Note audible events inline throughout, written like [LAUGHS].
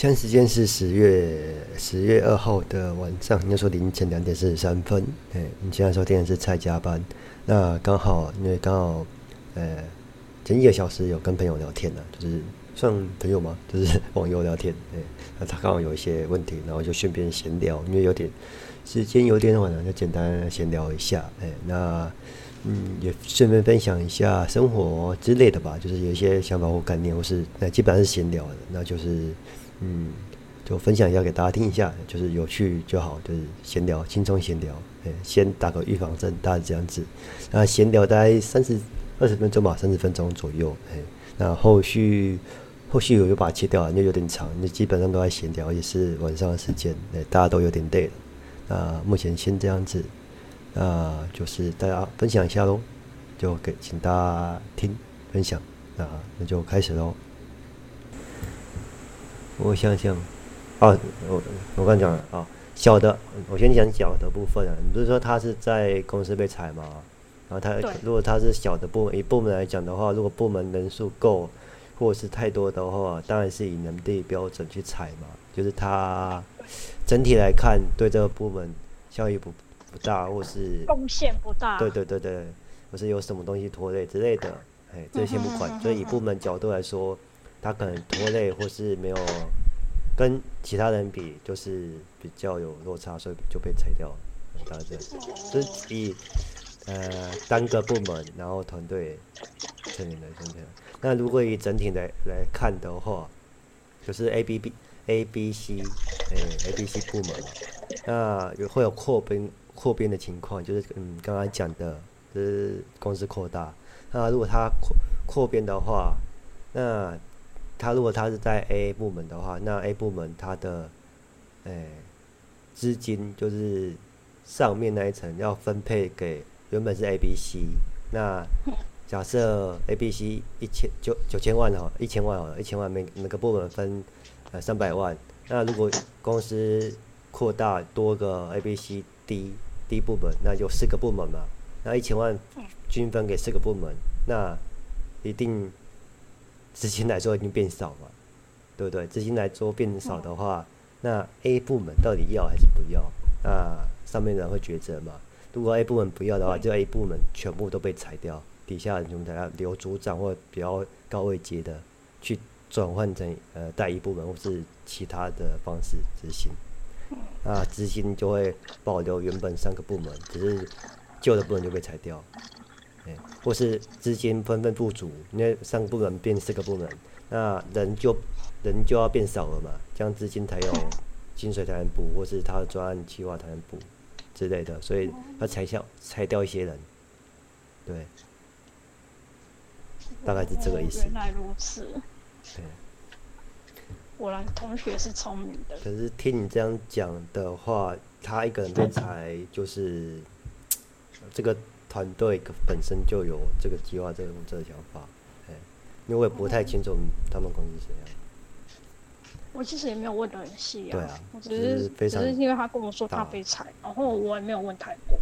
現在時間是十月十月二號的晚上，應該說凌晨兩點四十三分，哎、欸，你現在說當然是在加班。那剛好，因為剛好，呃、欸，前一個小時有跟朋友聊天呢，就是算朋友嗎？就是網友聊天，哎、欸，那他剛好有一些問題，然後就順便閒聊，因為有點時間有點晚了，就簡單閒聊一下，哎、欸，那嗯，也順便分享一下生活之類的吧，就是有一些想法或概念，或是那基本上是閒聊的，那就是。嗯，就分享一下給大家聽一下，就是有趣就好，就是閒聊，輕鬆閒聊。哎、欸，先打個預防針，大概這樣子。那閒聊大概三十、二十分鐘吧，三十分鐘左右。哎、欸，那後續後續有一把切掉，就有點長。那基本上都在閒聊，也是晚上的時間，哎、欸，大家都有點累了。那目前先這樣子，啊，就是大家分享一下嘍，就給請大家聽分享。那那就開始嘍。我想想，哦、啊，我我剛剛講了啊，小的，我先講小的部分啊。你不是說他是在公司被裁嗎？然後他對如果他是小的部門，以部門來講的話，如果部門人數夠，或者是太多的話，當然是以能力標準去裁嘛。就是他整體來看，對這個部門效益不不大，或是貢獻不大。對對對對，或是有什麼東西拖累之類的，哎，這些不管。嗯哼嗯哼嗯。所以以部門角度來說，他可能拖累或是沒有。跟其他人比就是比較有落差，所以就被裁掉了，大概這樣。就是以呃單個部門，然後團隊成員來分配。那如果以整體來來看的話，就是 A B B A B C，哎、欸、A B C 部門，那有會有擴編擴編的情況，就是嗯剛剛講的，就是公司擴大，那如果他擴擴編的話，那。他如果他是在 A 部門的話，那 A 部門他的誒資金就是上面那一層要分配給原本是 A、B、C。那假設 A、B、C 一千九九千萬哈，一千萬哈，一千萬每個部門分呃三百萬。那如果公司擴大多個 A、B、C、D D 部門，那就四個部門嘛。那一千萬均分給四個部門，那一定。資金來說已經變少嘛，對不對？資金來說變少的話，那 A 部門到底要還是不要？那上面的人會抉擇嘛？如果 A 部門不要的話，就 A 部門全部都被裁掉，嗯、底下從大家留組長或比較高位階的去轉換成呃代一部門或是其他的方式執行。那，執行就會保留原本三個部門，只是舊的部門就被裁掉。或是資金分分不足，因為三個部門變四個部門，那人就人就要變少了嘛，這樣資金才有，薪水才能補，或是他專案計劃才能補之類的，所以他才想裁掉一些人，對，大概是這個意思。原來如此。對，我來，同學是聰明的。可是聽你這樣講的話，他一個人在裁就是這個。團隊本身就有這個計劃、這個，這個這個想法，哎、欸，因為我不太清楚他們公司是怎樣、嗯。我其實也沒有問得很細啊，我、啊、只是非常只是因為他跟我說他被裁，然後我也沒有問太多。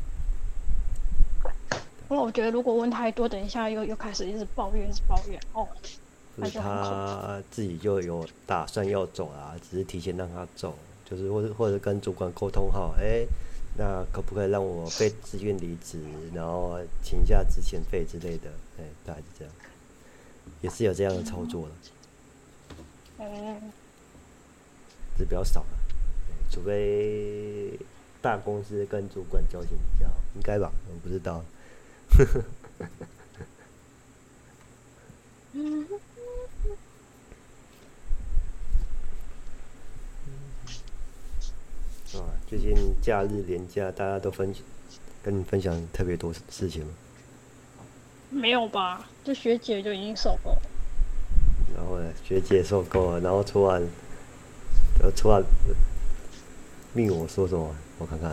後來對我覺得如果問太多，等一下又又開始一直抱怨，一直抱怨哦。喔、就他自己就有打算要走啦、啊，只是提前讓他走，就是或者或者跟主管溝通好，哎、欸。那可不可以讓我被自願離職，然後請一下資遣費之類的？哎，大概是這樣，也是有這樣的操作的，嗯，是、嗯、比較少的、啊，除非大公司跟主管交情比較好，應該吧？我不知道， [LAUGHS] 嗯。最近假日連假，大家都分跟你分享特別多事情沒有吧，就學姐就已經受夠了。然後呢，學姐受夠了，然後昨晚，呃，突然命我說什麼？我看看，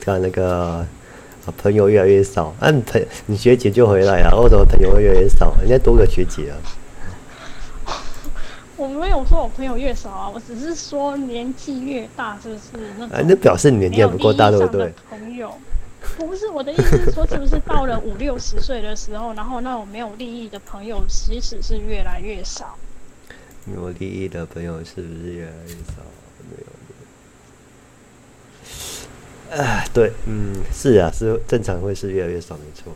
看那個朋友越來越少。嗯、啊，你朋你學姐就回來了，哦，為什麼朋友會越來越少？人家多個學姐啊。我說我朋友越少啊，我只是說年紀越大是不是？那，哎、那表示你年紀也不夠大，對不對？朋友不是我的意思是，說是不是到了五六十歲的時候， [LAUGHS] 然後那我沒有利益的朋友其實是越來越少。沒有利益的朋友是不是越來越少？沒有，沒有、啊，對，嗯，是啊，是正常會是越來越少，沒錯。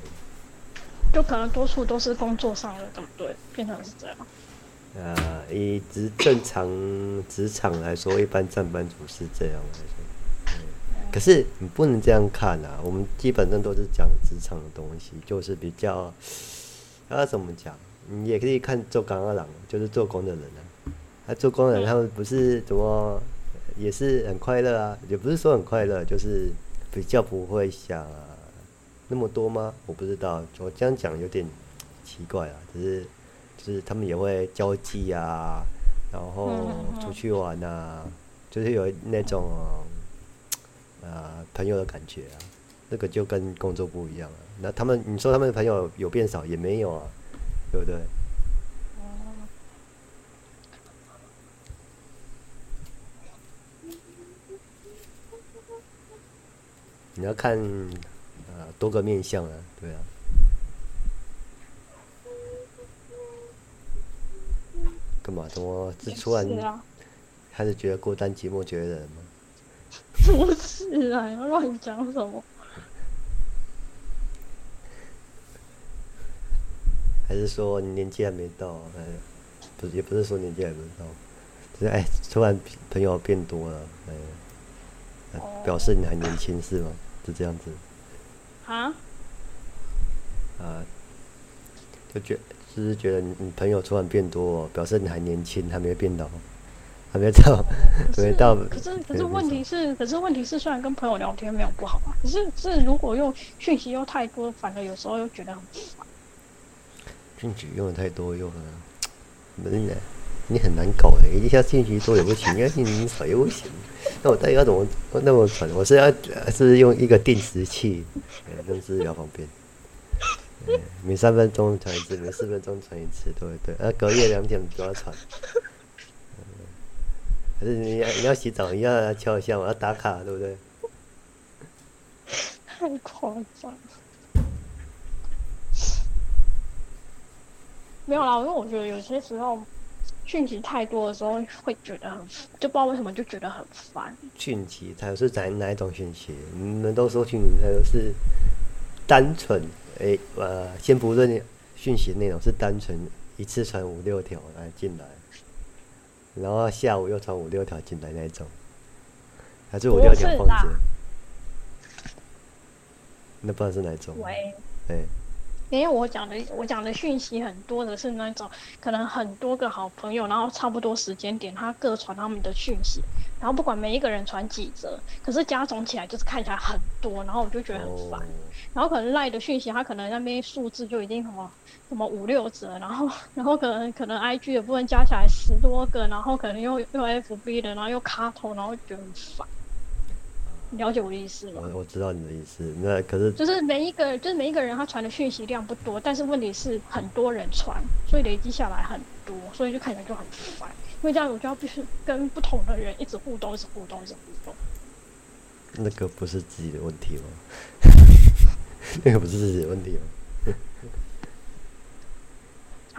就可能多數都是工作上的，對不對？變成是這樣。呃，以職正常職場來說，一般上班族是這樣的、嗯、可是你不能這樣看啊，我們基本上都是講職場的東西，就是比較，他、啊、怎麼講？你也可以看做工人就是做工的人啊。他、啊、做工的人，他們不是怎麼，也是很快樂啊，也不是說很快樂，就是比較不會想、啊、那麼多嗎？我不知道，我這樣講有點奇怪啊，只是。就是，他們也會交際啊，然後出去玩啊，嗯嗯嗯，就是有那種，呃，朋友的感覺啊，那個就跟工作不一樣啊。那他們，你說他們的朋友有變少也沒有啊，對不對？嗯、你要看，呃，多個面向啊，對啊。幹嘛？怎麼？是突然，還是覺得孤單寂寞，覺得嗎？不是啊，亂講什麼？ [LAUGHS] 還是說你年紀還沒到、啊？哎、不是不，也不是說年紀還沒到，就是哎，突然朋友變多了，哎，呃 oh. 表示你還年輕是嗎？ [COUGHS] 就這樣子？啊？Huh? 啊？就覺。就是覺得你你朋友突然變多，哦，表示你還年輕，還沒變老，還沒到，對還沒到。可是到可是問題是，可是問題是，雖然跟朋友聊天沒有不好嘛，可是是如果用訊息又太多，反而有時候又覺得很煩。訊息用的太多又很難，你很難搞，哎、欸！一下訊息多也不行，一下訊息少又不行。 [LAUGHS] 那我到底要怎麼那麼蠢？我是要是用一個定時器，反正是比較方便。每、嗯、三分鐘傳一次，每四分鐘傳一次，對不對？呃、啊，隔夜兩點都要傳。還是你要你要洗澡，你要敲一下，我要打卡，對不對？太誇張了。沒有啦，因為我覺得有些時候訊息太多的時候，會覺得很，就不知道為什麼就覺得很煩。訊息，他又是在哪一種訊息？你們都說訊息，他就是單純。哎、欸，呃，先不論訊息內容，是單純一次傳五六條來進來，然後下午又傳五六條進來那種，還是五六條逛街？不那不知道是哪一種？喂，哎、欸。因為我講的我講的訊息很多的是那種可能很多個好朋友，然後差不多時間點，他各傳他們的訊息，然後不管每一個人傳幾則，可是加總起來就是看起來很多，然後我就覺得很煩。Oh. 然後可能 LINE 的訊息，他可能那邊數字就已經什麼什麼五六折，然後然後可能可能 IG 的部分加起來十多個，然後可能又又 FB 的，然後又卡頭，然後覺得很煩。了解我的意思嗎？我、哦、我知道你的意思，那可是就是每一個就是每一個人他傳的訊息量不多，但是問題是很多人傳，所以累積下來很多，所以就看起來就很煩。因為這樣，我就要必須跟不同的人一直互動，一直互動，一直互動。互動那個不是自己的問題嗎？ [LAUGHS] 那個不是自己的問題嗎？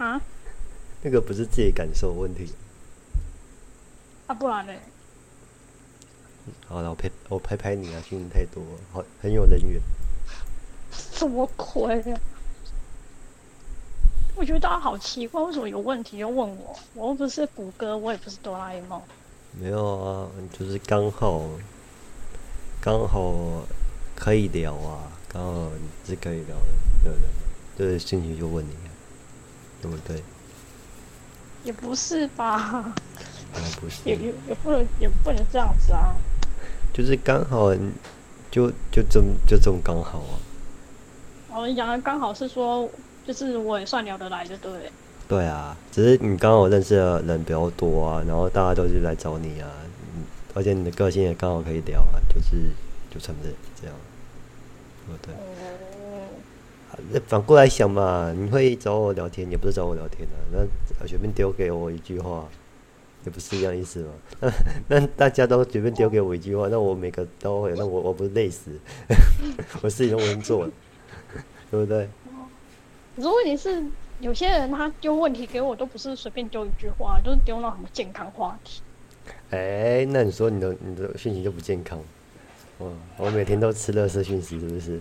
[LAUGHS] 啊？那個不是自己感受問題？啊，不然呢？好，那我拍我拍拍你啊，心情太多，好，很有人緣。什麼鬼呀？我覺得大家好奇怪，為什麼有問題要問我？我又不是谷歌，我也不是哆啦 A 夢。沒有啊，就是剛好，剛好可以聊啊，剛好你是可以聊的，對不對？就是心情就問你啊，對不對？也不是吧？也不是。 [LAUGHS] 也也也不能也不能這樣子啊。就是剛好就，就就這麼就這種剛好啊。我跟你講，剛好是說，就是我也算聊得來，就對。對啊，只是你剛好認識的人比較多啊，然後大家都是來找你啊，嗯，而且你的個性也剛好可以聊啊，就是就成的這樣。哦，對。反過來想嘛，你會找我聊天，也不是找我聊天的，啊，那隨便丟給我一句話。也不是一樣意思嘛，那大家都隨便丟給我一句話，哇那我每個都會，那我我不是累死？嗯、 [LAUGHS] 我是有人做對不對？如果你是，有些人他丟問題給我，都不是隨便丟一句話，都、就是丟到什麼健康話題。哎、欸，那你說你的你的訊息就不健康？我每天都吃垃圾訊息，是不是？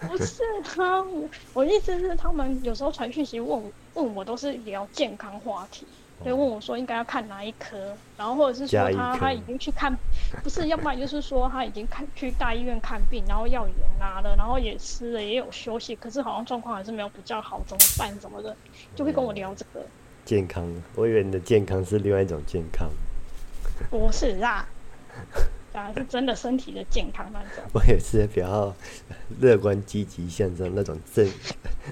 [LAUGHS] 不是他我我意思是，他們有時候傳訊息問我。問我都是聊健康話題，對，問我說應該要看哪一科，然後或者是說他他已經去看，不是，要不然就是說他已經看去大醫院看病，然後藥也拿了，然後也吃了，也有休息，可是好像狀況還是沒有比較好，怎麼辦什麼的，就會跟我聊這個健康。我以為你的健康是另外一種健康，不是啦。當然是真的，身體的健康那種。我也是比較樂觀、積極向上那種正、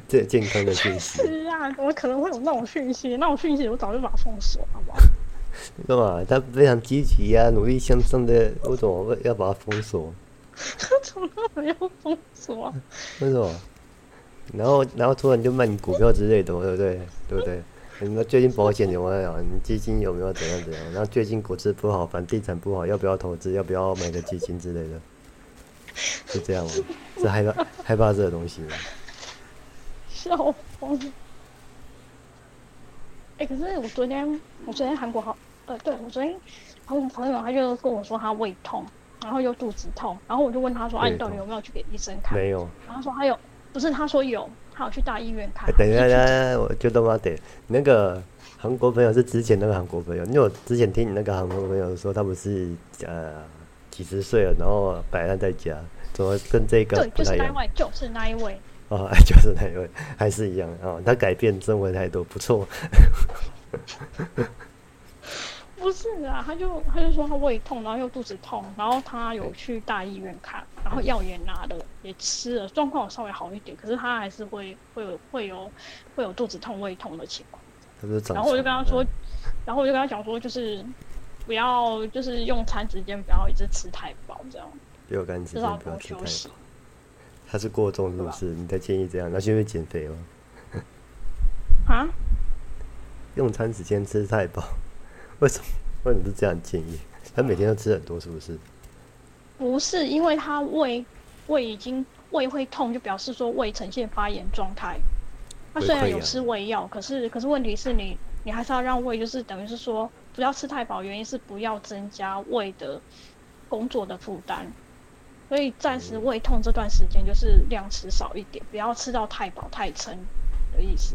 最健康的訊息 [LAUGHS] 是啊！怎麼可能會有那種訊息？那種訊息我早就把它封鎖了，好不好？幹嘛？ [LAUGHS] 他非常積極呀，努力向上的，我怎麼要把它封鎖？他從來沒有封鎖、啊。為什麼？然後，然後突然就賣你股票之類的，對不對？ [LAUGHS] 對不對？你們、欸、最近保險有沒有？你基金有沒有怎樣怎樣？然後最近股市不好，反正地產不好，要不要投資？要不要買個基金之類的？是 [LAUGHS] 這樣嗎？是害怕 [LAUGHS] 害怕這個東西嗎、啊？笑瘋了！哎、欸，可是我昨天，我昨天韓國好，呃，對，我昨天朋朋友他就跟我說他胃痛，然後又肚子痛，然後我就問他說：“哎痛、啊，你到底有沒有去給醫生看？”沒有。然後他說他有，不是他說有。好去大醫院看。等一下，一起，我覺得嗎？等那個韓國朋友是之前那個韓國朋友，因為我之前聽你那個韓國朋友說，他不是呃幾十歲了，然後擺爛在家，怎麼跟這個？就是那位，就是那一位，哦、就是那一位，還是一樣哦，他改變生活態度，不錯。 [LAUGHS] 不是啊，他就他就說他胃痛，然後又肚子痛，然後他有去大醫院看，然後藥也拿了，也吃了，狀況稍微好一點，可是他還是會會有會有會有肚子痛、胃痛的情況。他然後我就跟他說，嗯、然後我就跟他講說，就是不要，就是用餐時間不要一直吃太飽，這樣。用餐時間不要吃太飽。他是過重是不是？吧你才建議這樣，那是因為減肥嗎？ [LAUGHS] 啊？用餐時間吃太飽。為什麼？為什麼是這樣建議？他每天都吃很多，是不是？不是，因為他胃胃已經胃會痛，就表示說胃呈現發炎狀態。他雖然有吃胃藥，嗯，可是可是問題是你你還是要讓胃，就是等於是說不要吃太飽，原因是不要增加胃的工作的負擔。所以暫時胃痛這段時間，就是量吃少一點，不要吃到太飽太撐的意思。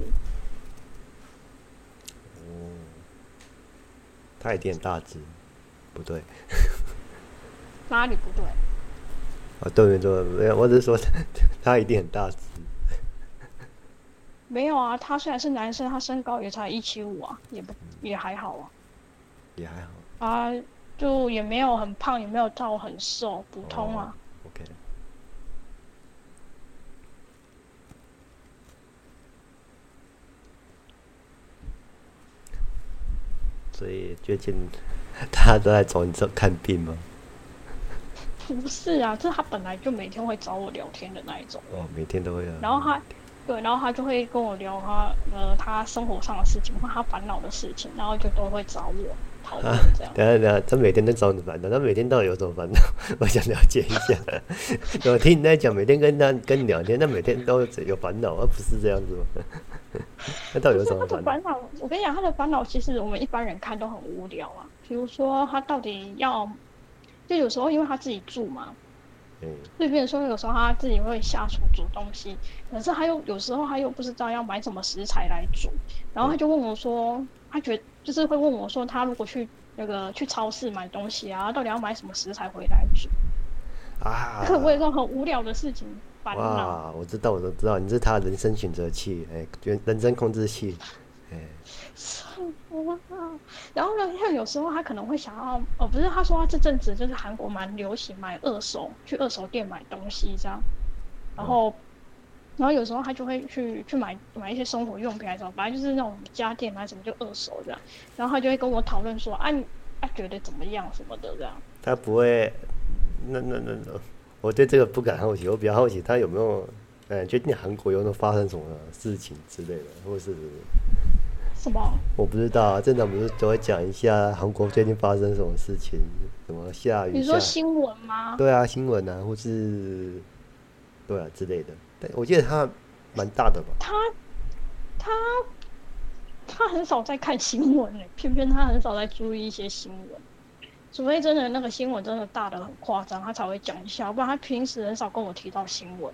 他一定很大隻，不對， [LAUGHS] 哪裡不對？啊，對，沒錯。沒有，我只是說他，他一定很大隻。沒有啊，他雖然是男生，他身高也才一七五啊，也不、嗯、也還好啊，也還好啊，就也沒有很胖，也沒有到很瘦，普通啊。哦所以最近大家都在找你這看病嗎？不是啊，是他本來就每天會找我聊天的那一種。哦，每天都會、啊。然後他，對，然後他就會跟我聊他呃他生活上的事情，或他煩惱的事情，然後就都會找我討論、啊、一下。等下，等下，他每天都找你煩惱，他每天到底有什麼煩惱？ [LAUGHS] 我想了解一下。 [LAUGHS] [LAUGHS] 我聽你在講，每天跟他跟你聊天，他每天都有煩惱啊，他不是這樣子 [LAUGHS] 就是他的煩惱，我跟你講，他的煩惱其實我們一般人看都很無聊啊。比如說，他到底要，就有時候因為他自己住嘛，對、嗯，就比如說有時候他自己會下廚煮東西，可是他又有時候他又不知道要買什麼食材來煮，然後他就問我說，嗯、他覺就是會問我說，他如果去那個去超市買東西啊，到底要買什麼食材回來煮啊，啊？我有個很無聊的事情。哇，我知道，我都知道，你是他人生選擇器，哎、欸，人人生控制器，哎、欸，是啊，然後呢，像有時候他可能會想要，哦，不是，他說他這陣子就是韓國蠻流行買二手，去二手店買東西這樣，啊，然後，嗯、然後有時候他就會去去買買一些生活用品還是什麼，反正就是那種家電還、啊、什麼就二手這樣，啊，然後他就會跟我討論說，啊，哎、啊，覺得怎麼樣什麼的這樣，啊、他不會，那那那那。我對這個不感好奇，我比較好奇他有沒有，嗯、欸，最近韓國有沒有發生什麼事情之類的，或是什麼？我不知道、啊，正常不是都會講一下韓國最近發生什麼事情，什麼下雨下？你說新聞嗎對、啊新聞啊？對啊，新聞啊，或是對啊之類的。對，我記得他蠻大的吧？他他他很少在看新聞誒，偏偏他很少在注意一些新聞。除非真的那個新聞真的大的很誇張，他才會講一下，不然他平時很少跟我提到新聞。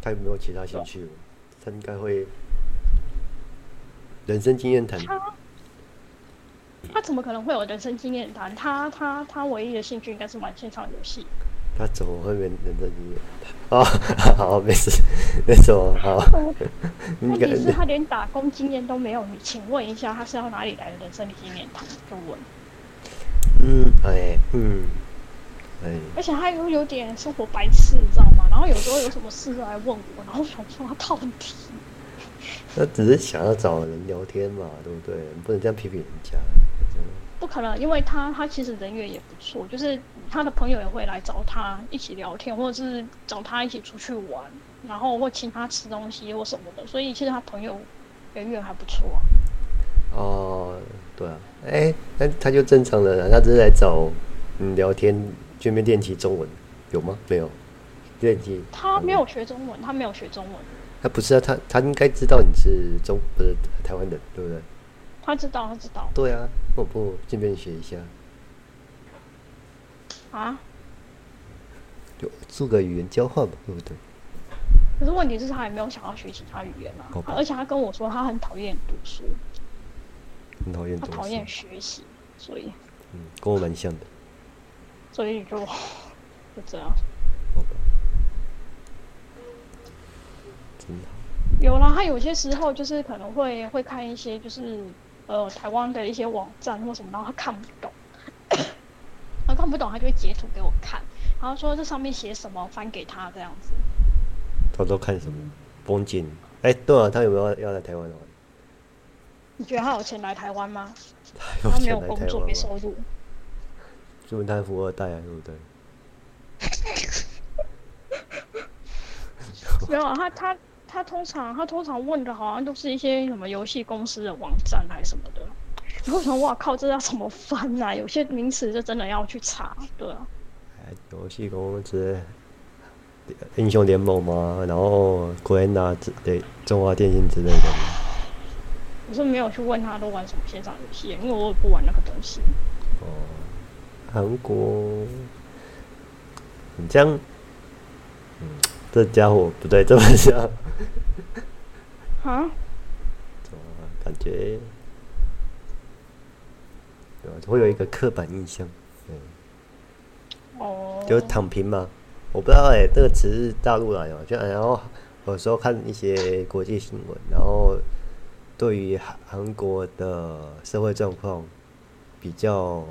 他有沒有其他興趣？哦、他應該會人生經驗談。他怎麼可能會有人生經驗談？他他他唯一的興趣應該是玩線上遊戲。他怎麼會沒人生經驗談？哦，好，沒事，沒事什麼，好。問題、嗯、 [LAUGHS] 敢是他連打工經驗都沒有。你請問一下，他是要哪裡來的？人生理經驗？就問嗯，哎，嗯，哎。而且他又有，有點生活白痴，你知道嗎？然後有時候有什麼事都來問我，然後想說他到底。那只是想要找人聊天嘛，對不對？你不能這樣批評人家。不可能，因為他他其實人緣也不錯，就是。他的朋友也會來找他一起聊天，或者是找他一起出去玩，然後或請他吃東西或什麼的。所以其實他朋友，人緣還不錯、啊。哦，對啊，哎、欸，那他就正常了。他只是來找嗯聊天，順便練習中文，有嗎？沒有，練習。他沒，嗯、他沒有學中文，他沒有學中文。他不是啊，他他應該知道你是中不是台灣人，對不對？他知道，他知道。對啊，我不順便學一下。啊，就做個語言交換吧，對不對？可是問題是他也沒有想要學其他語言嘛、啊，Okay. 而且他跟我說他很討厭讀書，很討厭讀書，他討厭學習，所以嗯，跟我蠻像的，所以你就就這樣。真的？有啦，他有些時候就是可能會會看一些就是呃台灣的一些網站或什麼，然後他看不懂。他看不懂，他就會截圖給我看，然後說這上面寫什麼，翻給他這樣子。他都看什麼風景？哎，對了，他有沒有要來台灣的？你覺得他有錢來台灣嗎？他沒有工作，沒收入。就他富二代啊，對不對？ [LAUGHS] [LAUGHS] 沒有，他他他通常他通常問的好像都是一些什麼遊戲公司的網站還是什麼的。為什麼？哇靠！這要怎麼翻啊？有些名詞就真的要去查，對啊。遊戲公司，英雄聯盟嘛，然後 Qian 啊，對，中華電信之類的。我是沒有去問他都玩什麼線上遊戲，因為我也不玩那個東西。哦，韓國，你這樣，嗯，這家伙不對這麼像。哈？怎麼感覺。會有一個刻板印象，對，哦，就是躺平嘛。我不知道哎、欸，這個詞是大陸來的。就然後有時候看一些國際新聞，然後對於韓韓國的社會狀況比較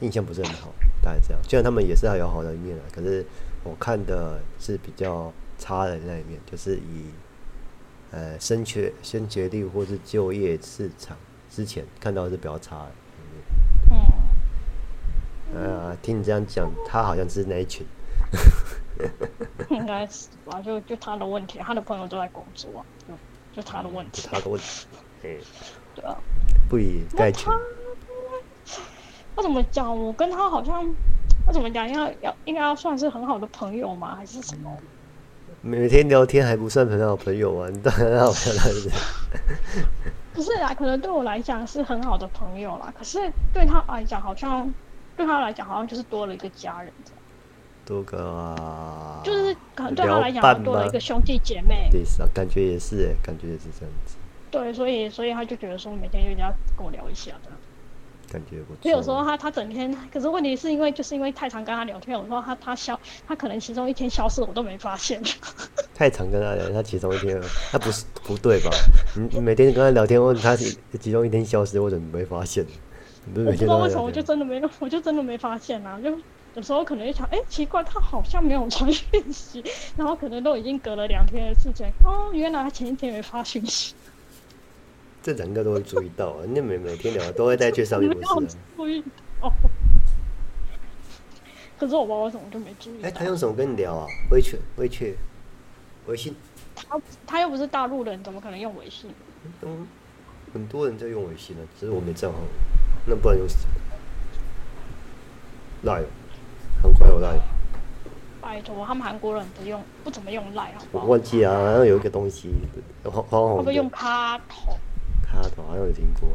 印象不是很好，大概是這樣。雖然他們也是還有好的一面啊，可是我看的是比較差的那一面，就是以呃升學、升學率或是就業市場。之前看到的是比較差的，嗯，嗯呃、聽你這樣講，他好像是那一群，應該是吧？就就他的問題，他的朋友都在工作，啊，就就他的問題，嗯、他的問題，欸、對啊，不以概全。他，他怎麼講？我跟他好像，他怎麼講？要要應該要算是很好的朋友嗎？還是什麼？每天聊天還不算很好的朋友啊，你當然好，哈哈。可是啦，可能對我來講是很好的朋友啦。可是對他來講，好像對他來講，好像就是多了一個家人，多個啊，就是可能對他來講，多了一個兄弟姐妹。對，是啊，感覺也是哎，感覺也是這樣子。對，所以所以他就覺得說，每天就一定要跟我聊一下這樣。感覺不對。就有時候他他整天，可是問題是因為就是因為太常跟他聊天，我說他他消他可能其中一天消失我都沒發現。太常跟他聊天，他其中一天， [LAUGHS] 他不是不對吧？你你每天跟他聊天，問他其中一天消失，我怎麼沒發現？ [LAUGHS] 我不知道為什麼，我就真的沒，有，我就真的沒發現吶、啊。就有時候可能一想，哎、欸，奇怪，他好像沒有傳訊息，然後可能都已經隔了兩天的時間，哦，原來他前一天沒發訊息。這整個都會注意到啊！你每每天聊、啊、都會帶去上面公司。注意到。可是我爸爸怎麼就沒注意到？哎、欸，他用什麼跟你聊啊，微信、微信、微信。他他又不是大陸人，怎麼可能用微信？都很多人在用微信了、啊，只是我沒賬號。那不然用賴？韓國用賴？拜托，他們韓國人都用不怎麼用賴，好不好。我忘記啊，好像有一個東西好。會不會用卡頭？卡通好像有聽過、啊。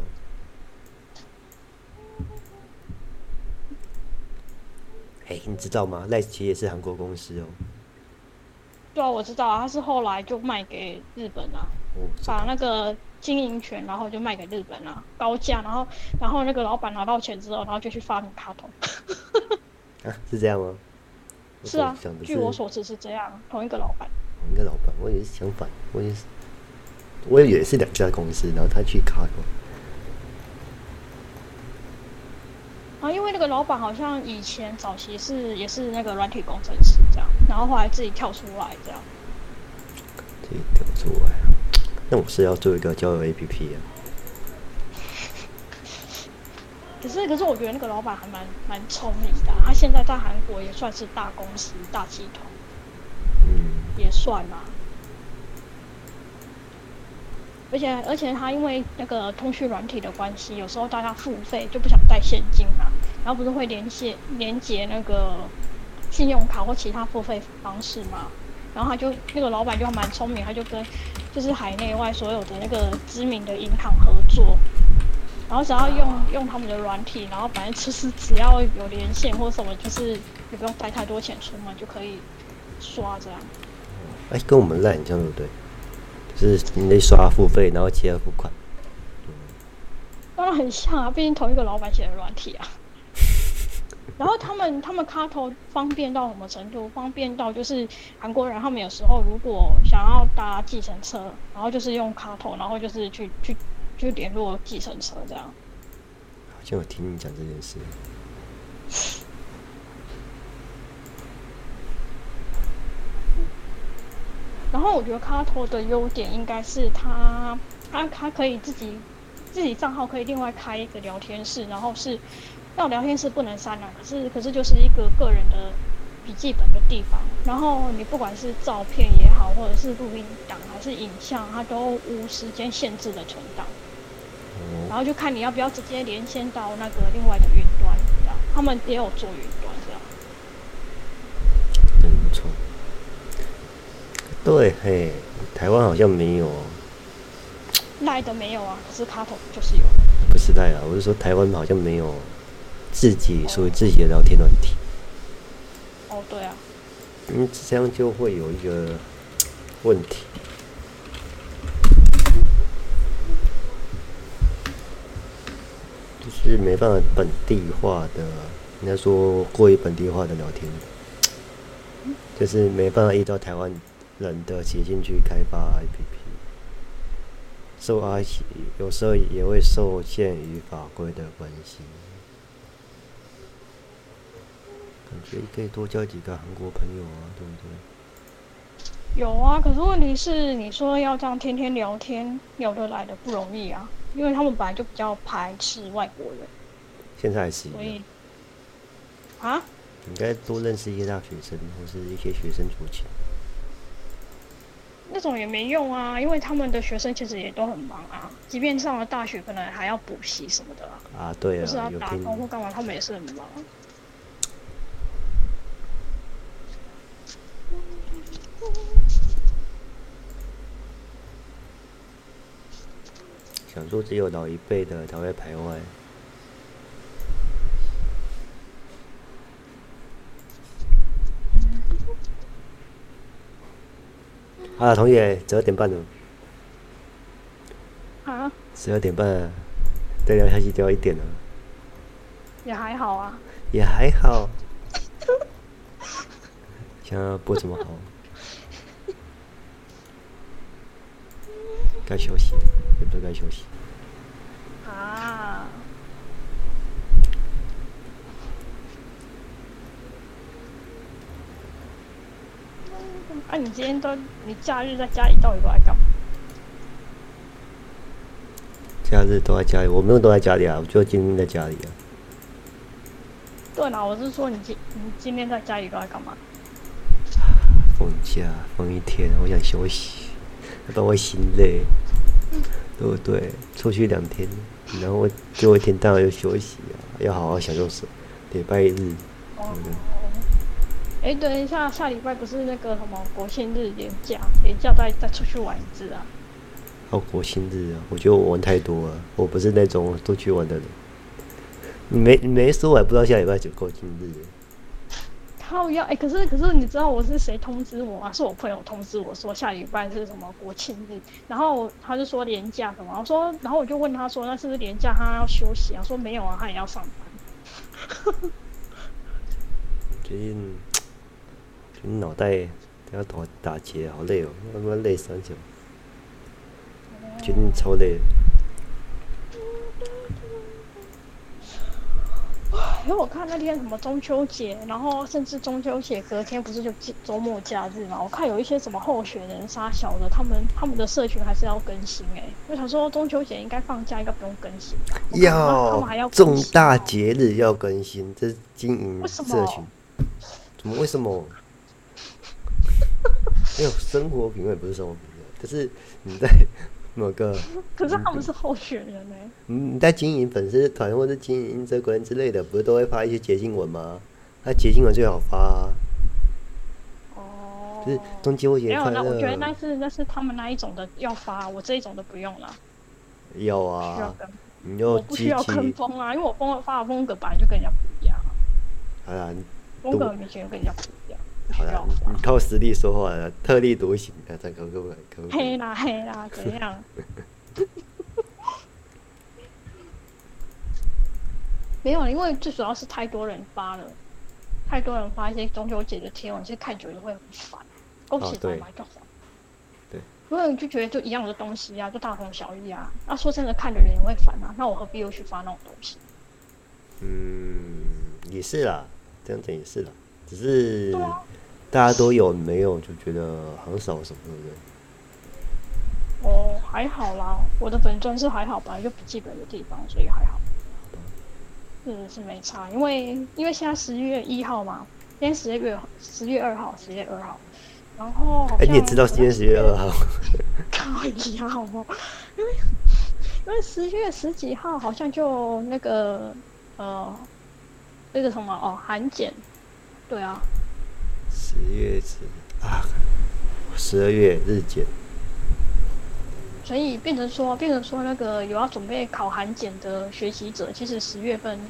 哎、欸，你知道嗎？賴斯奇也是韓國公司哦。對啊，我知道，他是後來就賣給日本了、啊。哦、把那個經營權，然後就賣給日本了、啊，高價，然後，然後那個老板拿到錢之後，然後就去發明卡通。 [LAUGHS] 啊、是這樣嗎？是，是啊，據我所知是這樣，同一個老板。同一個老板，我也是相反，我也是。我也是兩家公司，然後他去卡過。啊，因為那個老板好像以前早期也是也是那個軟體工程師這樣，然後後來自己跳出來這樣。自己跳出來，那我是要做一個交友 A P P 啊。可是，可是我覺得那個老板還蠻蠻聰明的，他現在在韓國也算是大公司大集團，嗯，也算嘛。而且而且他因為那個通訊軟體的關係，有時候大家付費就不想帶現金嘛。然後不是會連線連接那個信用卡或其他付費方式嘛？然後他就那個老板就蠻聰明，他就跟就是海內外所有的那個知名的銀行合作，然後只要用用他們的軟體，然後反正其實只要有連線或什麼，就是也不用帶太多錢出門就可以刷這樣。哎，跟我們賴，這樣對不對？是，你得刷付費，然後接着付款。對，當然很像啊，畢竟同一個老闆寫的軟體啊。 [LAUGHS] 然後他們他們卡頭方便到什麼程度？方便到就是韓國人他們有時候如果想要搭計程車，然後就是用卡頭，然後就是去去去聯絡計程車這樣。好像我，我聽你講這件事。然後我覺得卡托的優點應該是他他他可以自己自己賬號可以另外開一個聊天室，然後是那聊天室不能刪了，可是可是就是一個個人的筆記本的地方。然後你不管是照片也好，或者是錄音檔還是影像，它都無時間限制的存檔。然後就看你要不要直接連線到那個另外的雲端，你知道他們也有作用對，嘿，台灣好像沒有，賴的沒有啊，可是卡通，就是有，不是賴啊，我是說台灣好像沒有自己，屬於、哦、自己的聊天軟體。哦，對啊。嗯，這樣就會有一個問題，就是沒辦法本地化的，應該說過於本地化的聊天，就是沒辦法依照台灣。懶得寫進去開發 APP，受阿有時候也會受限於法規的關係。感覺可以多交幾個韓國朋友啊，對不對？有啊，可是問題是，你說要這樣天天聊天聊得來的不容易啊，因為他們本來就比較排斥外國人。現在是所以，所以啊，應該多認識一些大學生或是一些學生族群。那種也沒用啊，因為他們的學生其實也都很忙啊。即便上了大學，可能還要補習什麼的啊。對啊，就是要打工或幹嘛，片他們也是很忙啊。想說只有老一輩的才會排外。啊，同學，十二點半了。啊。十二點半了，再聊下去就要一點了。也還好啊。也還好。呵呵。想要播什麼好。該休息，就該休息。啊，你今天都你假日在家裡到底都在幹嘛？假日都在家裡，我沒有都在家裡啊，我就今天在家裡啊。對啦，我是說你今你今天在家裡都在幹嘛？放假放一天，我想休息，不然我心累，嗯、對不對？出去兩天，然後最後一天當然要休息啊，要好好享受禮拜日。哦嗯哎，等一、欸、下，下禮拜不是那個什麼國慶日連假，連假再再出去玩一次啊？哦，國慶日啊，我覺得我玩太多了，啊，我不是那種多去玩的人。你沒你沒說，我還不知道下禮拜就過，啊。國慶日。他要哎，可是可是你知道我是誰通知我嗎？是我朋友通知我說下禮拜是什麼國慶日，然後他就說連假什麼，我說，然後我就問他說那是不是連假，他要休息啊？我說沒有啊，他也要上班。近。 [LAUGHS] Okay. 你腦袋還要打打結，好累哦，那麼累三小！覺得超累。因為、欸、我看那天什麼中秋節，然後甚至中秋節隔天不是就周末假日嘛？我看有一些什麼候選人殺小的，他們他們的社群還是要更新哎、欸。我想說中秋節應該放假，應該不用更新吧。喲、啊，要重大節日要更新，這經營社群怎麼為什麼？沒有生活品味，不是生活品味，可是你在某個。可是他們是候選人呢。你你在經營粉絲團或者經營社群之類的，不是都會發一些節慶文嗎？那、啊、節慶文最好發、啊。哦。就是中秋節會者沒有了，我覺得那是那是他們那一種的要發，我這一種的不用了。有啊。你就我不需要跟風啊，激因為我風發的風格本來就跟人家不一樣。哎呀、啊。你風格明顯跟人家不一樣。好了，你靠實力說話的，特立獨行的，在 Q 黑啦黑啦，怎樣？ [LAUGHS] [LAUGHS] 沒有，因為最主要是太多人發了，太多人發一些中秋節的貼文，其實看久了會很煩。恭喜發財就好。對。因為你就覺得就一樣的東西啊，就大同小異啊。那、啊、說真的，看的人也會煩啊。那我何必又去發那種東西？嗯，也是啦，這樣子也是啦，只是。大家都有沒有？就覺得很少什麼的，對不對？哦，還好啦，我的本尊是還好吧，就筆記本的地方，所以還好。嗯是，是沒差，因為因為現在十一月一號嘛，今天十一月十月二號，十月二號。然後，哎、欸，你也知道今天十一月二號。看一下嗎？因為因為十月十幾號好像就那個呃那個什麼哦，函檢，對啊。十月十啊，十二月日檢，所以變成說，變成說那個有要準備考韓檢的學習者，其實十月份，因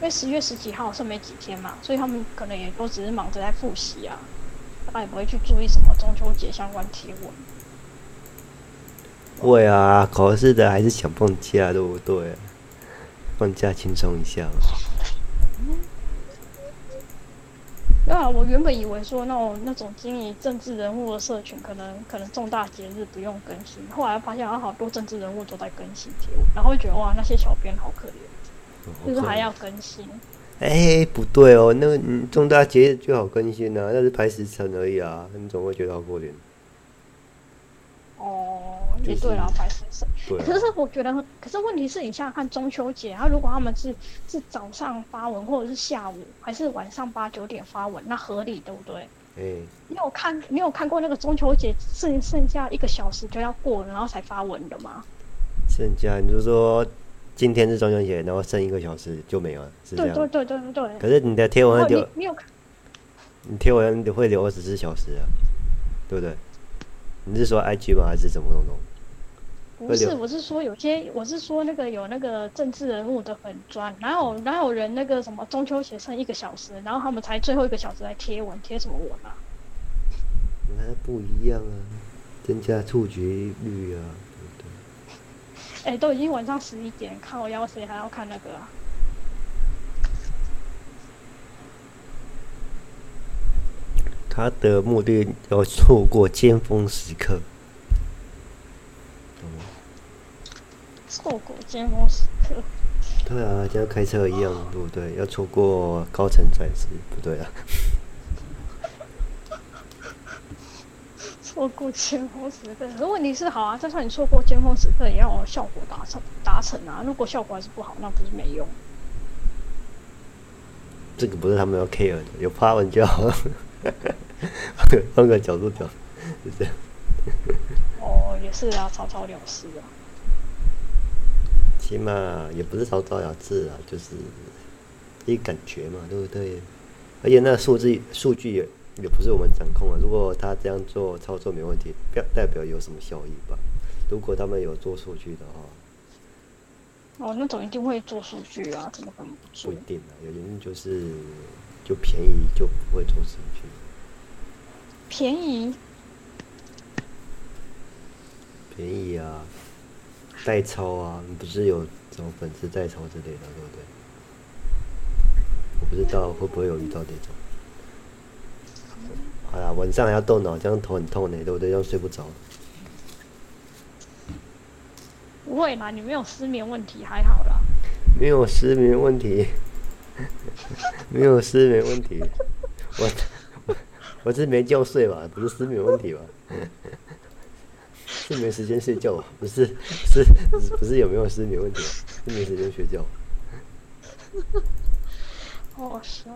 為十月十幾號剩沒幾天嘛，所以他們可能也都只是忙着在複習啊，他也不會去注意什麼中秋節相關提問。會啊，考試的還是想放假，對不對啊？放假輕鬆一下。嗯對啊，我原本以為說，那我那種經營政治人物的社群，可能可能重大節日不用更新。後來發現啊，好多政治人物都在更新貼文，然後會覺得哇，那些小編好可憐，Okay. 就是還要更新。哎，不對哦，那個嗯，重大節日就好更新啊，那是排時程而已啊，你總會覺得好過點。哦，oh, 就是、也對了白色色。可是我覺得，可是問題是，你現在看中秋節，然後如果他們是是早上發文，或者是下午，還是晚上八九點發文，那合理對不對？嗯、欸。你有看，你有看過那個中秋節剩剩下一個小時就要過了，然後才發文的嗎？剩下你就說今天是中秋節，然後剩一個小時就沒有了，是這樣。對對，對對對對。可是你的貼文就沒有，你沒有看。你貼文得會留二十四小時啊，對不對？你是說 IG 嗎？還是怎麼弄弄？不是，留我是說有些，我是說那個有那個政治人物的粉專，然後哪有人那個什麼中秋寫剩一個小時，然後他們才最後一個小時來貼文，貼什麼文啊？那不一樣啊，增加觸及率啊。對不對，對？哎、欸，都已經晚上十一點，看我要誰還要看那個、啊？他的目的要錯過尖峰時刻，錯、哦、過尖峰時刻。對啊，就像開車一樣，對不對，啊、對，要錯過高乘載時，不對啊。錯過尖峰時刻，如果你是好啊，就算你錯過尖峰時刻，也要效果達成，達成啊。如果效果還是不好，那不是沒用。這個不是他們要 care 的，有 power 就好了。呵呵，換 [LAUGHS] 個角度講，是這樣。哦，也是啊，草草了事啊。起碼也不是草草了事啊，就是一感覺嘛，對不對？而且那數字數據也也不是我們掌控啊。如果他這樣做操作沒問題，不要代表有什麼效益吧？如果他們有做數據的話，哦，那種一定會做數據啊，怎麼可能不做？不一定啊，有原因就是。就便宜，就不會做錢去。便宜？便宜啊，代抽啊，你不是有找粉絲代抽之類的，對不對？我不知道會不會有遇到這種。嗯、好啦，晚上還要動腦，這樣頭很痛呢，對不對？要睡不着。不會啦，你沒有失眠問題，還好啦，沒有失眠問題。 [LAUGHS] 沒有失眠問題，我我我是沒覺睡吧？不是失眠問題吧？是 [LAUGHS] 沒時間睡覺，不是是，是不是有沒有失眠問題啊？是沒時間睡覺。好，好笑。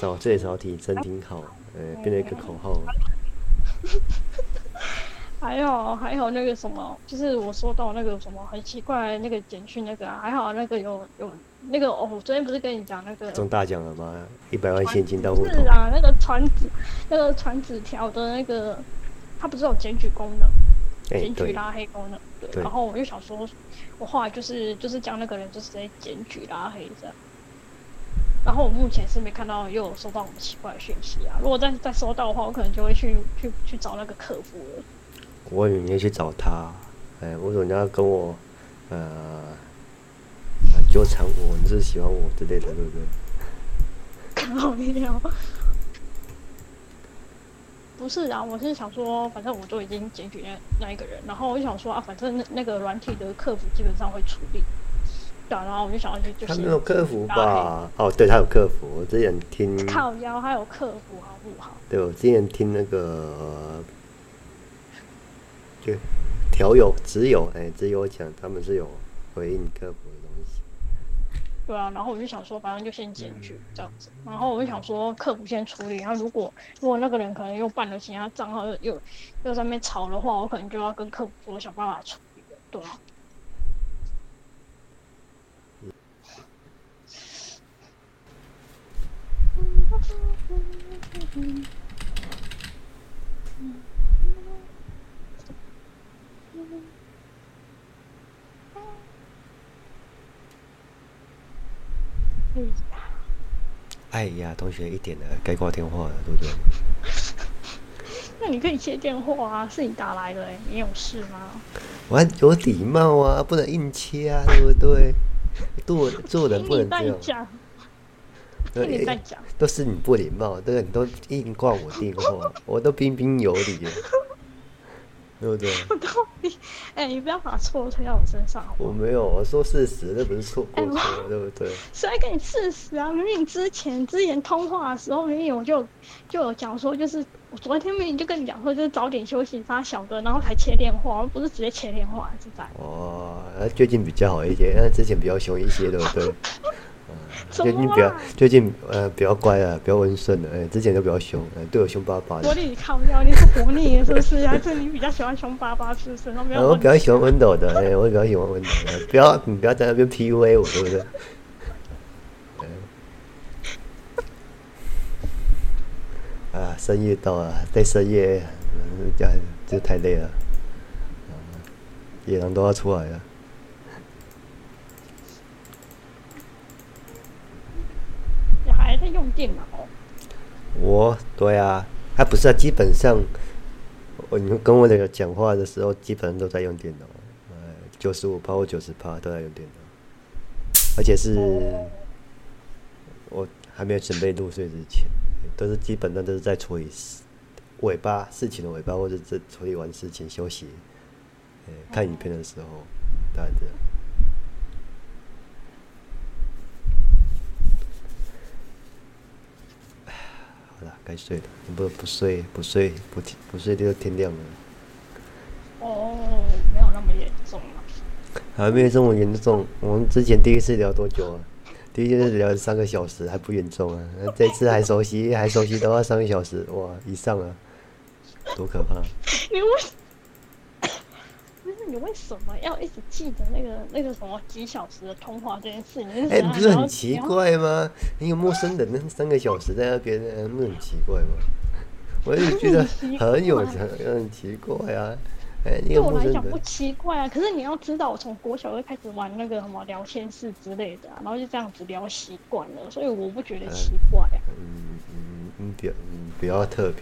早睡早起真挺好，呃，變了一個口號。還有，還有那個什麼，就是我收到那個什麼很奇怪的那個簡訊。那個、啊，還好那個有有那個哦，我昨天不是跟你講那個中大獎了嗎？一百萬現金到戶，是啊，那個傳紙那個傳紙條的那個，它不是有檢舉功能，檢、欸、檢舉拉黑功能，對。對，然後我又想說，我後來就是就是將那個人就直接檢舉拉黑這樣。然後我目前是沒看到又有收到我們奇怪的訊息啊，如果再再收到的話，我可能就會去去去，去找那個客服了。我有年去找他，哎、欸，我說人家跟我，呃，糾纏我，你是喜歡我之類的，對不對？看好你了，不是啊，我是想說，反正我都已經檢舉那那一個人，然後我就想說啊，反正那那個軟體的客服基本上會處理。對啊，然後我就想他就是他沒有客服吧。哦，對，他有客服，我之前聽靠腰他有客服好不好？對，我之前聽那個。呃對，調有，只有哎、欸，只有我講他們是有回應客服的東西。對啊，然後我就想說，反正就先進去，這樣子。然後我就想說，客服先處理。然後好如果如果那個人可能又辦了其他賬號又，又又在那邊吵的話，我可能就要跟客服說想辦法處理，對啊。嗯 [LAUGHS] 嗯、哎呀，同學，一點了，該掛電話了，對不對？ [LAUGHS] 那你可以接電話啊，是你打來的哎，你有事嗎？我還有禮貌啊，不能硬切啊，對不對？ [LAUGHS] 做做人不能這樣。那你再講、欸，都是你不禮貌，對，你都硬掛我電話， [LAUGHS] 我都彬彬有禮、啊。對不對？我到底，哎、欸，你不要把錯推到我身上好好。我沒有，我說事實，這不是錯、錯，欸、對不對？誰跟你事實啊？明明之前之前通話的時候，明明我就有就有講說，就是我昨天明明就跟你講說，就是早點休息，發小哥，然後才切電話，我不是直接切電話是在。哦，那、啊、最近比較好一些，那之前比較凶一些， [LAUGHS] 對不對？ [LAUGHS] 啊、最近你比較，啊、最近呃比較乖了、啊，比較溫順了。哎、欸，之前都比較凶、欸，對我凶巴巴。的。力、啊、 [LAUGHS] 比較喜歡凶巴巴是不是、啊？我比較喜歡溫柔的。哎、欸，我比較喜歡溫柔的。啊、 [LAUGHS] 不要你不要在那邊 PUA 我，對不對？ [LAUGHS] 啊，深夜到啊，對深夜，就太累了。啊、野狼都要出來了。用電腦，我對啊，還不是啊，基本上我你們跟我那個講話的時候，基本上都在用電腦，哎、呃，九十五、或九十趴都在用電腦，而且是、嗯、我還沒有準備入睡之前，都是基本上都是在處理尾巴事情的尾巴，或者是在處理完事情休息，哎、呃，看影片的時候，大概這樣、嗯。該睡了，你不不睡不睡不不睡就天亮了。哦，沒有那麼嚴重了啊，還沒有這麼嚴重。我們之前第一次聊多久啊？第一次聊三個小時還不嚴重啊？這次還熟悉還熟悉的話，三個小時，哇，以上啊，多可怕！你為什麼要一直記得那個那個什麼幾小時的通話這件事？哎，你不是很奇怪嗎？你有陌生人三個小時在那邊，那很奇怪嗎？我也覺得很有很很奇怪啊！哎，對我來講不奇怪啊。可是你要知道，我從國小就開始玩那個什麼聊天室之類的、啊，然後就這樣子聊習慣了，所以我不覺得奇怪呀、啊嗯。嗯嗯，比較比較特別。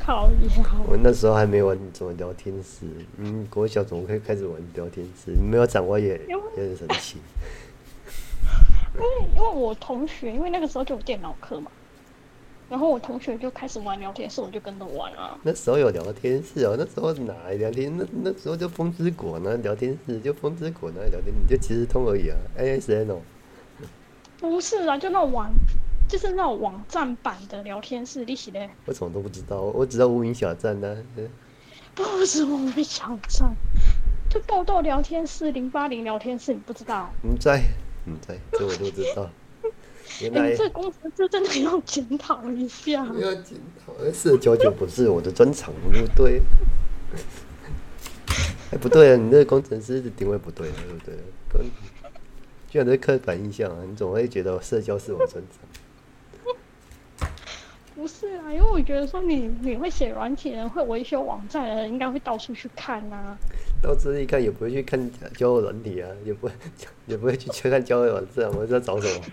好呀！對我，我那時候還沒玩什麼聊天室。嗯，國小總會開始玩聊天室，沒有掌握也很為也很神奇，因為因為我同學，因為那個時候就有電腦課嘛，然後我同學就開始玩聊天室，我就跟着玩啊。那時候有聊天室哦？喔，那時候哪來聊天？那那時候就風之果那聊天室，就風之果那聊天，你就其實通而已啊，ASN 哦。AS NO，不是啊，就那玩。就是那種網站版的聊天室，你曉得？我怎麼都不知道，我只知道無名小站呢、啊。不是無名小站，就報道聊天室、零八零聊天室，你不知道？嗯，在，嗯在，這我都知道。知道你們這個工程師真的要檢討一下。要檢討，社交就不是我的專長， [LAUGHS] 不，不對。哎、 [LAUGHS] 欸，不對啊，你那個工程師的定位不對、啊，對不對、啊不？居然在刻板印象、啊，你總會覺得我社交是我專長。 [LAUGHS] 不是啊，因為我覺得說你你會寫軟體的人，會維修網站的人應該會到處去看啊。到處去看也不會去看交友軟體啊，也不會也不會去去看交友軟件。我們在找什麼？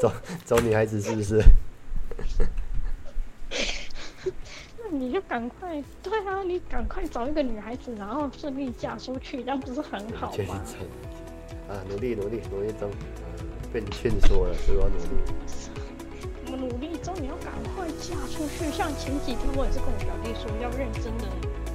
找找女孩子是不是？ [LAUGHS] 那你就趕快對啊，你趕快找一個女孩子，然後順利嫁出去，這樣不是很好嗎？啊，努力努力努力，都被你勸說了，所以我努力。努力之後，你要趕快嫁出去。像前幾天，我也是跟我表弟說，要認真的。